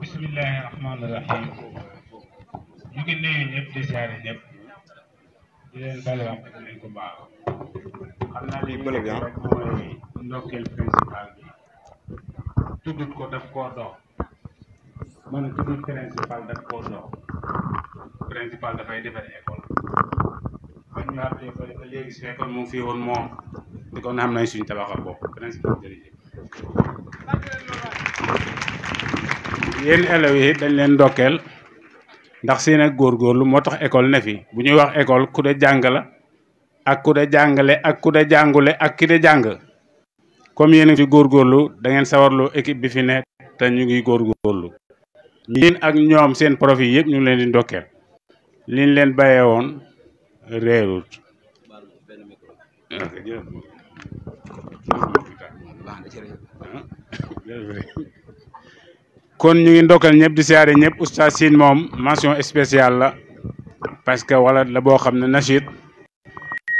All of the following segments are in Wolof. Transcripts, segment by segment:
bismillahi rahmaani rahim ñu ngi nuyu ñëpp di siyaare ñëpp di leen balwax di ko baax xam naa li bële rek mooy ndokkeel principal bi ko daf koo dox man tuddut principal daf koo dox principal dafay defar école man ñu àtte ba léegi su école mu fi woon moom di kon xam nañ suñ tabaxal bopp principal jërëjëf Yen élèves yi dañ leen ndokkeel ndax seen ak góorgóorlu moo ekol école ne fi bu ñuy wax école ku de jàng la ak ku de jàngale ak ku de jàngule ak ki de jàng comme yéen a fi lu da ngeen équipe bi fi te ngi ak ñoom seen prof yi yëpp ñu leen di liñ leen woon kon ñu ngi ndokkal ñëpp di siyaare ñëpp oustaz Sine moom mention spéciale la parce que wala la boo xam ne nachid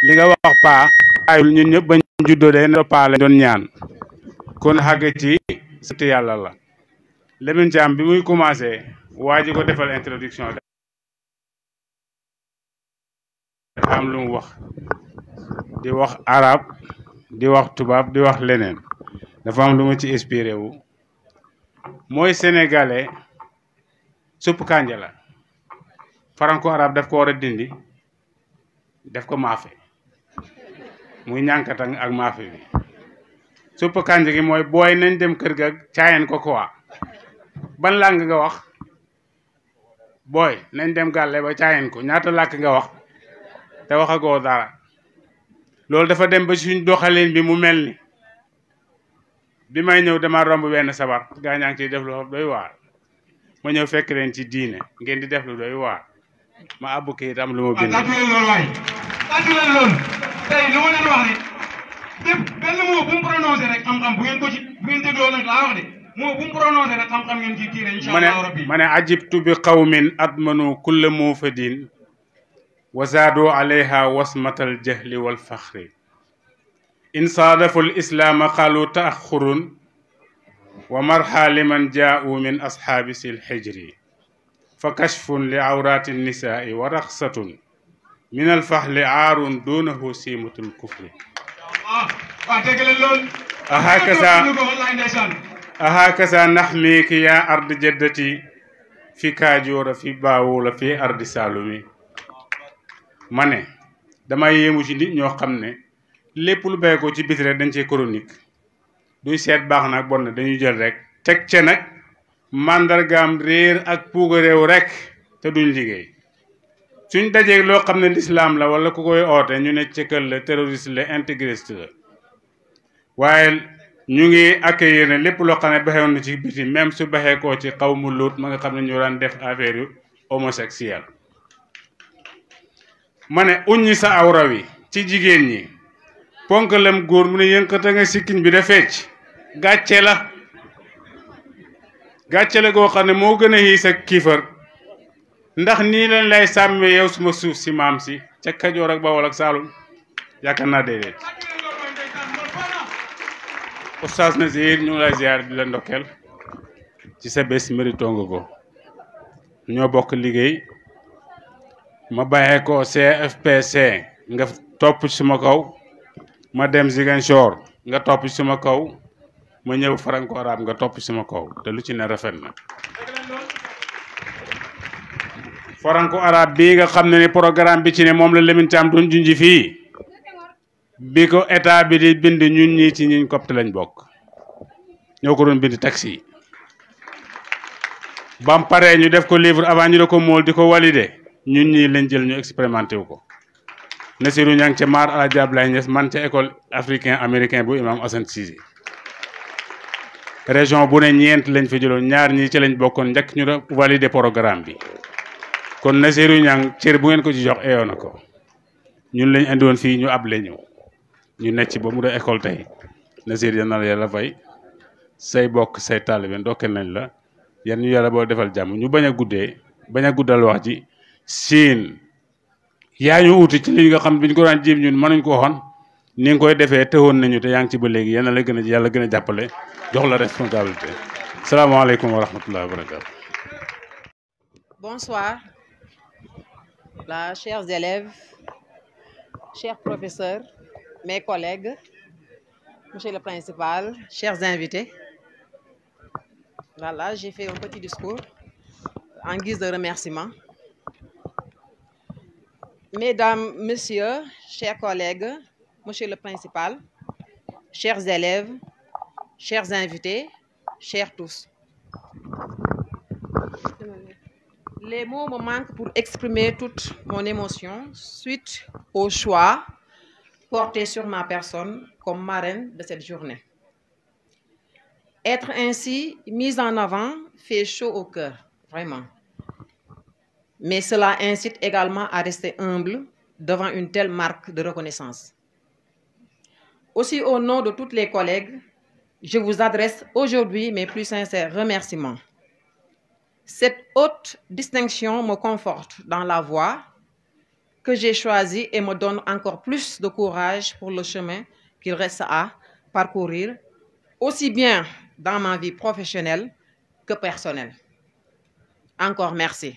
li nga wax paa ayul ñun ñëpp bañ juddoo dee ne paa la doon ñaan kon xàgg ci sant yàlla la Lamine Thiam bi muy commencé waa ji ko defal introduction dafa am lu wax di wax arab di wax tubaab di wax leneen ci inspiré mooy sénégalais supp kànja la franco arabe daf ko war a dindi def ko maafe muy ñànkatang ak maafe bi supp kànja gi mooy booy nañ dem kër ga caayen ko quoi ban làng nga wax booy nañ dem gàlle ba caayeen ko ñaata làkk nga wax te waxagoo dara loolu dafa dem ba suñ doxalin bi mu mel ni bi ñëw dama romb wenn sabar gañang ci def lu doy war ma ñëw fekk leen ci diine ngeen di def lu doy war ma abou kay am lu ma bind. ak leen lool waay ak leen lool tay lu ma leen wax ni bépp benn mot bu mu prononcer rek xam-xam bu ngeen ko ci bu ngeen dégloo nak la wax ni mo bu mu prononcer rek xam-xam ngeen ci tire inshallah allah rabbi ma ajibtu bi qawmin admanu kullu mufadin وزادوا عليها وصمة الجهل والفخر إن صادف الإسلام قالوا تأخر ومرحى لمن جاءوا من أصحاب الحجر فكشف لعورات النساء ورخصة من الفحل عار دونه سيمة الكفر أهكذا أهكذا نحميك يا أرض جدتي في كاجور في باول في أرض سالمي ماني ne damay نيو ci lépp lu bàyyi ko ci biti rek dañ cee chronique duy seet baax na ak bon na dañuy jël rek teg ca nag màndargaam réer ak puuga réew rek te duñ liggéey suñ dajee loo xam ne lislaam la wala ku koy ootee ñu ne cëkkal la terroriste la intégriste la waaye ñu ngi accueillir ne lépp loo xam ne baxewoon na ci biti même su baxee koo ci xaw mu lóot ma nga xam ne ñu daan def affaire yu homosexuel ma ne uññi sa awra wi ci jigéen ñi ponkalam góor mu ne yënkate nga sikkiñ bi da fecc gàcce la gàcce la goo xam ne moo gën a xiis ak kiifar ndax nii lañ lay sàmme yow suma suuf si maam si ca Kajoor ak ba ak Saalum yaakaar naa déedéet oustaz Nazir ñu ngi ci sa bés mérito ko ñoo bokk liggéey ma bàyyee ko CFPC nga topp suma kaw ma dem Ziguinchor nga topp ci suma kaw ma ñëw Franco Arabe nga topp suma kaw te lu ci ne rafet na Franco Arabe bii nga xam ne ni programme bi ci ne moom la Lamine Thiam doon junji fii bi ko état bi di bind ñun ñii ci ñuñ copte lañ bokk ñoo ko doon bind taxi yi bam paree ñu def ko livre avant ñu da ko mool di ko valider ñun ñii lañ jël ñu expérimenté wu ko Nasiru Nyang ca maar Alaaji Ablaye Niass man ca école africain américain bu imam Hassan Cissé région bu ne ñeent lañ fi jëloon ñaar ñii ci lañ bokkoon njëkk ñu doon valider programme bi kon Nasiru Nyang, cër bu ngeen ko ci jox eeyoon na ko ñun lañ andi woon fii ñu ab la ñu necc ba mu doon école tey Nasiru yal la yàlla fay say bokk say taalibe ndokkeel nañ la yan ñu yàlla boo defal jàmm ñu bañ a guddee bañ wax ji siin yaa ñu uuti ci li nga xam bi ñu ko daan jéem ñun mënuñ ko waxoon ni nga koy defee tëwoon nañu te yaa ngi ci ba léegi yéen la gën a yàlla gën a jàppale jox la responsabilité salaamaaleykum wa rahmatullahi wa barakatu bonsoir là, chers élèves chers professeurs mes collègues monsieur le principal chers invités voilà j'ai fait un petit discours en guise de remerciement Mesdames, Messieurs, chers collègues, Monsieur le Principal, chers élèves, chers invités, chers tous. Les mots me manquent pour exprimer toute mon émotion suite au choix porté sur ma personne comme marraine de cette journée. Être ainsi mise en avant fait chaud au cœur, vraiment mais cela incite également à rester humble devant une telle marque de reconnaissance. Aussi, au nom de toutes les collègues, je vous adresse aujourd'hui mes plus sincères remerciements. Cette haute distinction me conforte dans la voie que j'ai choisie et me donne encore plus de courage pour le chemin qu'il reste à parcourir, aussi bien dans ma vie professionnelle que personnelle. Encore merci.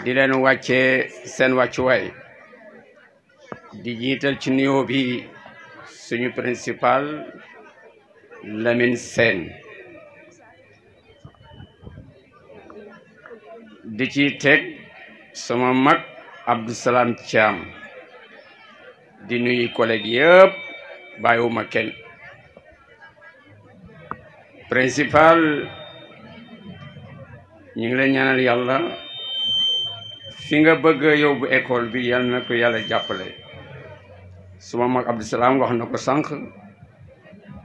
di leen wàccee seen wàccuwaay di jiital ci nuyoo bi suñu principal Lamine Sène di ci teg sama mag Abdou Salam di nuyu collègue yëpp bàyyiwuma kenn principal ñu ngi leen ñaanal yàlla fi nga bëgg a yóbbu école bi yal na ko yàlla jàppale suma mag Abdou wax na ko sànq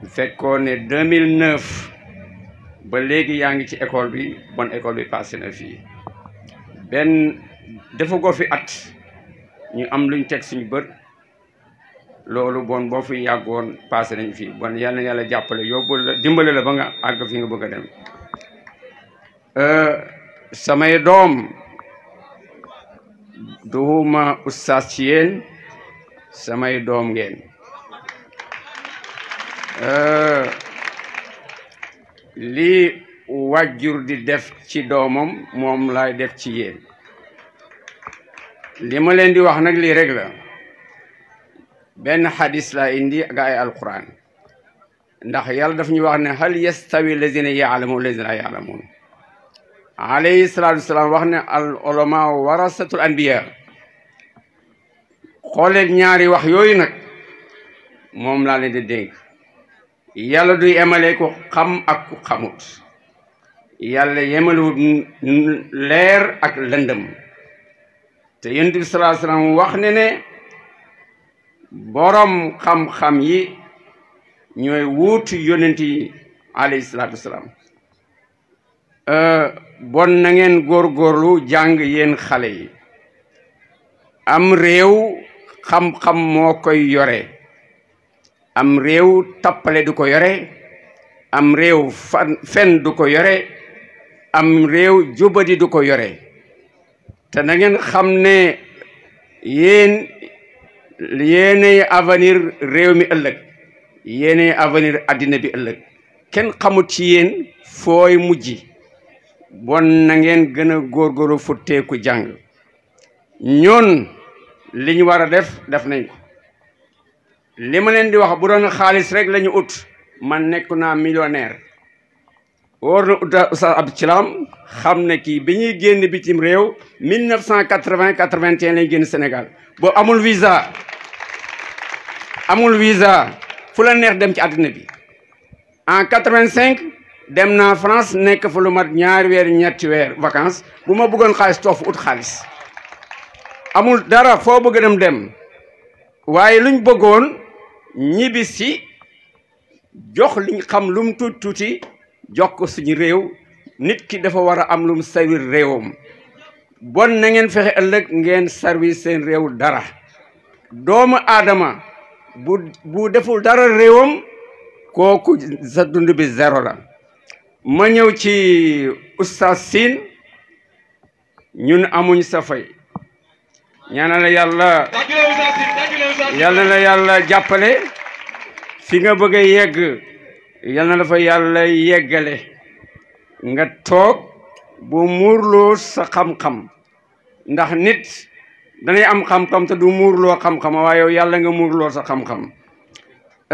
bu fekkoon ne 2009 ba léegi yaa ngi ci école bi bon école bi passé na fii benn dafa ko fi at ñu am luñ teg suñu bër loolu bon boo fi yàggoon passé nañ fii bon yal na yàlla jàppale yóbbul la dimbale la ba nga àgg fi nga bëgg a dem euh, samay doom duhuma ustaas ci yéen samay doom ngeen euh, lii wàjjur di def ci doomam moom lay def ci yéen li ma leen di wax nag lii rek la benn xadis laa indi ak ay ndax yàlla daf ñu wax ne hal yastawi lazina yaalamuun lazina laa yaalamuun alayhi salaatu wasalaam wax ne al ulama warasatul anbiya xooleen ñaari wax yooyu nag moom laa leen di dénk yàlla du yemale ku xam ak ku xamut yàlla yemalewut leer ak lëndëm te yonent bi salaam wax ne ne boroom xam-xam yi ñooy wuutu yonent yi alayhi salaatu euh, bon na ngeen góorgóorlu jàng yéen xale yi am réew xam-xam moo koy yore am réew tappale du ko yore am réew fan fen du ko yore am réew jubadi du ko yore te nangeen xam ne yeen yéenay avenir réew mi ëllëg yéenay avenir addina bi ëllëg kenn xamut ci yéen fooy mujj bon na ngeen gën a góorgóorlu futteeku jàng ñoon li ñu war a def def nañ ko ma leen di wax bu doon xaalis rek lañu ut man nekk naa millionnaire wóor na uta Oustaz Abdou Thilam xam ne kii bi ñuy génn bitim réew mille neuf cent quatre-vingt quatre-vingt-un génn Sénégal boo amul visa amul visa fu la neex dem ci àddina bi en quatre vingt dem naa France nekk fa lu mat ñaari weer ñetti weer vacances bu ma buggoon xaalis toofu ut xaalis amul dara foo bëgg dem dem waaye luñ bëggoon ñibis ci jox liñ xam lum tuuti jox ko suñu réew nit ki dafa war a am lum sawir réewam bon na ngeen fexe ëllëg ngeen service seen réew dara doomu aadama bu bu deful dara réewam kooku sa dund bi la ma ñëw ci oustaz Sine ñun amuñ sa fay ñaanal la yàlla yal na la yàlla jàppale fi nga bëgg a yegg yal la fa yàlla yeggale nga toog bu muurloo sa xam-xam ndax nit danay am xam-xam te du muurloo xam-xam waaye yàlla nga muurloo sa xam-xam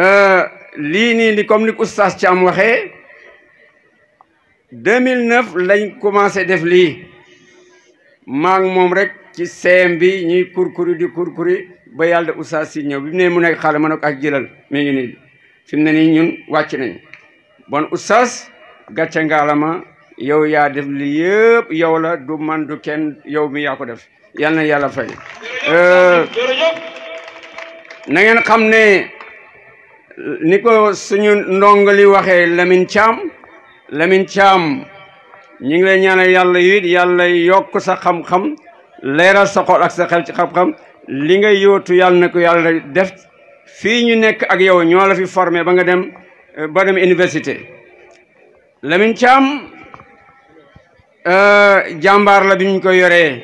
euh, lii nii ni comme ni oustaz Thiam waxee lañ commencé def lii maa moom rek ci seem bi ñuy kurkuri di kurkuri ba yàlla oustaz si ñëw bi mu ne mu nekk xale ma ne ko ak jëlal mi ngi nii fi ne nii ñun wàcc nañ bon usas gàcce ngaalama yow yaa def lii yëpp yow la du man du kenn yow mi yaa ko def yal na yàlla fay na ngeen xam ne ni ko suñu li waxee Lamine Thiam Lamine Thiam ñu ngi lay ñaanal yàlla it yàlla yokk sa xam-xam leeral sa xol ak sa xel ci xam-xam li nga yootu yàlla na ko yàlla def fii ñu nekk ak yow ñoo la fi formé ba nga dem eh, ba dem université Lamine Thiam eh, jàmbaar la bi ñu ko yoree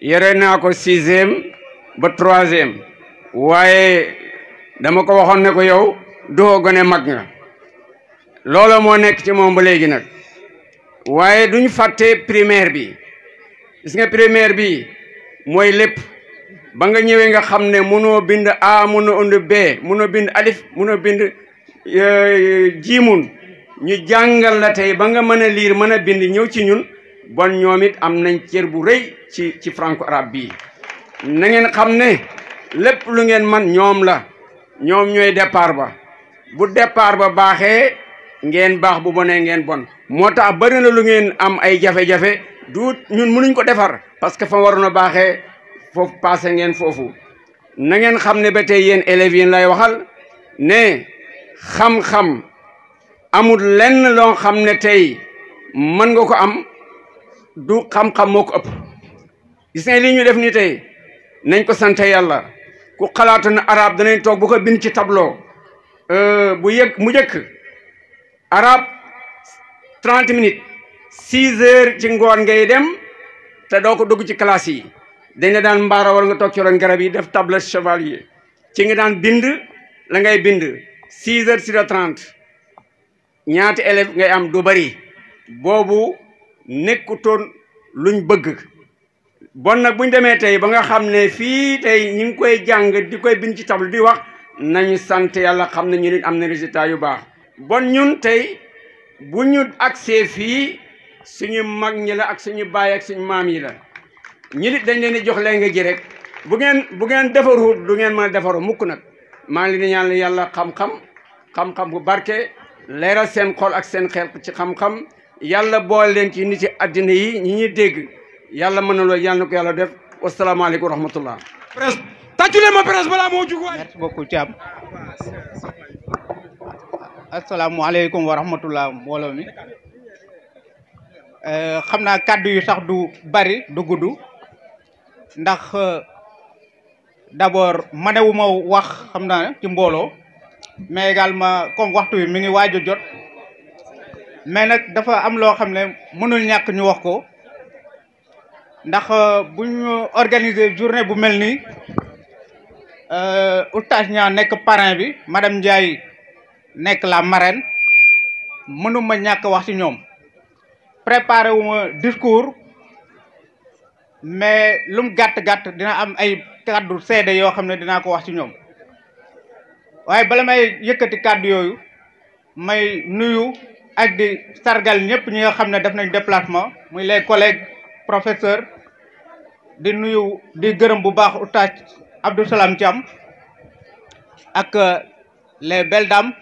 yore naa ko sixième ba troisième waaye dama ko waxoon ne ko yow doo gone mag nga loola moo nekk ci moom ba léegi nag waaye duñ fàtte primaire bi gis nga première bi mooy lépp ba nga ñëwee nga xam ne mënoo bind a mënoo und b a bind alif a bind e, jiimun ñu jàngal la tey ba nga mën a liir mën a bind ñëw ci ñun bon ñoom it am nañ cër bu rëy ci ci franco arabe bii nangeen xam ne lépp lu ngeen man ñoom la ñoom ñooy départ ba bu départ ba baaxee ngeen baax bu bonee ngeen bon moo tax bëri na lu ngeen am ay jafe-jafe du ñun mënuñ ko defar parce que fa waroon a baaxee foofu passé ngeen foofu na ngeen xam ne ba tey yéen élèves yéen lay waxal ne xam-xam amul lenn loo xam ne tey mën nga ko am du xam-xam moo ko ëpp gis nga ñu def nii tey nañ ko sante yàlla ku xalaatu na arab danañ toog bu ko bind ci tableau euh, bu yëg mu jëkk arab 30 minutes 6 heures ci ngoor ngay dem te doo ko dugg ci classe yi dañ ne daan mbaara war nga toog ci roon garab yi def table yi ci nga daan bind la ngay bind 6 heures sur 30 ñaati élève ngay am du bari boobu nekkutoon luñ bëgg bon nag buñ demee tey ba nga xam ne fii tey ñu ngi koy jàng di koy bind ci table di wax nañu sant yàlla xam ne ñu nit am na résultat yu baax bon ñun tey bu ñu agsee fii suñu mag ñi la ak suñu baay ak suñu maam yi la ñi nit dañ leen di jox leen nga ji rek bu ngeen bu ngeen defaru du ngeen mën a defaru mukk nag maa ngi leen ñaan yàlla xam-xam xam-xam bu barke leeral seen xol ak seen xel ci xam yàlla boole leen ci nit ci àddina yi ñi ñuy dégg yàlla mën na loolu yàlla ko yàlla def wasalaamaaleykum wa rahmatullah presse tàccu leen ma presse balaa ci am Assalamualaikum warahmatullahi wabarakatuh. mbooloo eh, mi xam naa kàddu yu sax du bari du gudd ndax eh, d'abord manewuma wax xam naa ci mbooloo mais également comme waxtu mi ngi jot mais dafa am loo xam ne mënul ñàkk ñu wax ko ndax eh, bu ñu organiser journée bu melni, nii oustaz parrain bi madame Ndiaye nek la marraine mënuma ñak wax ci ñom préparé wu discours mais lum gatt gatt dina am ay cadeau seede yo xam dina ko wax ci ñom waye bala may yëkëti cadeau yoyu may nuyu ak di sargal ñëpp ñi nga xam def nañ déplacement muy les collègues professeurs di nuyu di gërëm bu baax oustaz Abdou Salam tiam ak euh, les belles dames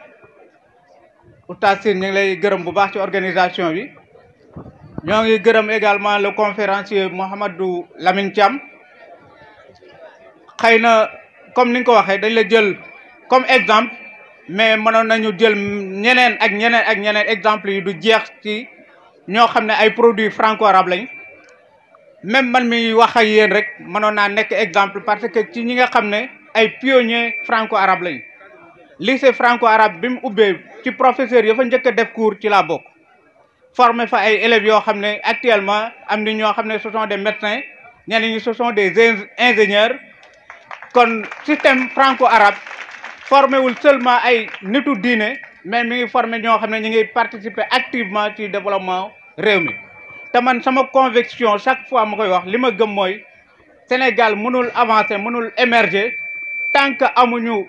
oustaz Sine ñu ngi lay gërëm bu baax ci organisation bi ñoo ngi gërëm également le conférencier Mouhamadou Lamine Thiam xëy na comme ni nga ko waxee dañ la jël comme exemple mais mënoon nañu jël ñeneen ak ñeneen ak ñeneen exemple yi du jeex ci ñoo xam ne ay produits franco-arabe lañ même man mi wax ak yéen rek mënoon naa nekk exemple parce que ci ñi nga xam ne ay pionniers franco-arabe lañ lycée franco arabe bi mu professeurs ci professeur ya fa def cours ci la fait formé fa ay élèves yo xamné actuellement am ce sont des médecins ñi ce sont des ingénieurs le système franco arabe formé wul seulement ay nitu diiné mais mi ngi formé participer activement ci développement réew mi ma man conviction chaque fois que je wax lima gëm Sénégal mënul avancer mënul émerger tant que amuñu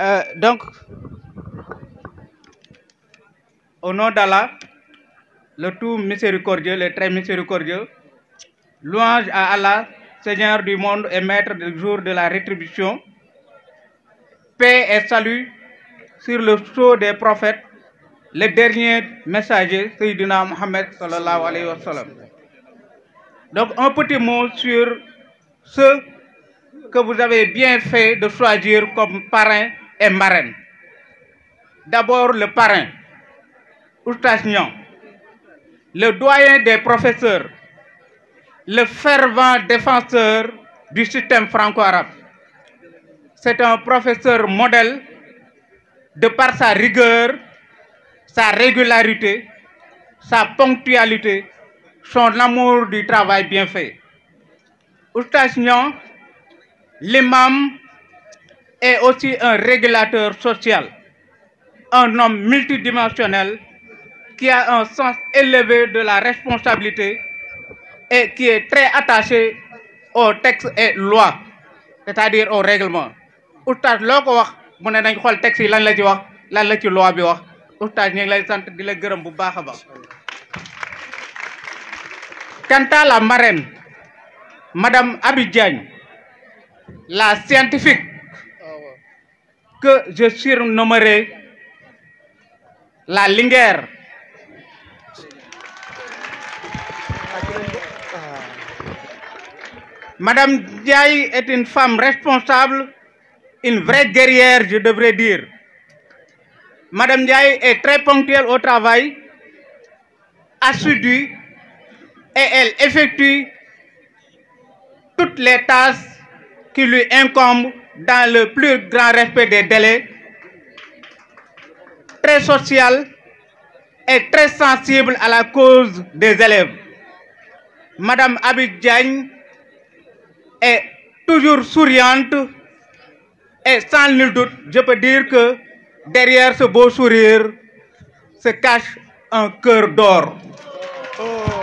Euh, donc au nom d'Allah le tout miséricordieux le très miséricordieux louange à Allah Seigneur du monde et maître du jour de la rétribution paix et salut sur le sceau des prophètes le dernier messager Sayyidina Muhammad sallallahu alayhi wa donc un petit mot sur ce que vous avez bien fait de choisir comme parrain et marraine. D'abord le parrain, Oustas le doyen des professeurs, le fervent défenseur du système franco-arabe. C'est un professeur modèle de par sa rigueur, sa régularité, sa ponctualité, son amour du travail bien fait. Oustaz l'imam est aussi un régulateur social un homme multidimensionnel qui a un sens élevé de la responsabilité et qui est très attaché aux textes et lois c'est-à-dire aux règlements. Oustaz loo ko wax mu texte yi la ci wax la ci loi bi wax lay bu quant à la marraine Madame Abidjan, la scientifique que je surnommerai la Lingère. Madame Diaye est une femme responsable, une vraie guerrière, je devrais dire. Madame Diaye est très ponctuelle au travail, assidue, et elle effectue toutes les tâches qui lui incombent dans le plus grand respect des délais, très social et très sensible à la cause des élèves. Madame Abidjan est toujours souriante et sans nul doute, je peux dire que derrière ce beau sourire se cache un cœur d'or. Oh.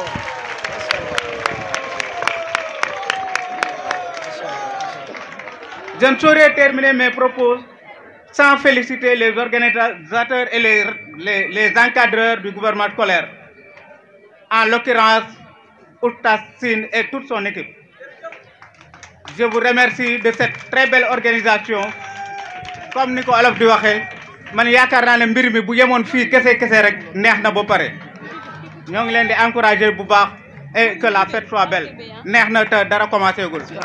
Je ne saurais terminer mes propos sans féliciter les organisateurs et les, les, les encadreurs du gouvernement scolaire, en l'occurrence Outassine et toute son équipe. Je vous remercie de cette très belle organisation. Comme Nico Alof di je man yaakaar naa ne Je mi bu yemoon fii rek encourager bu et que la fête soit belle Nous commencé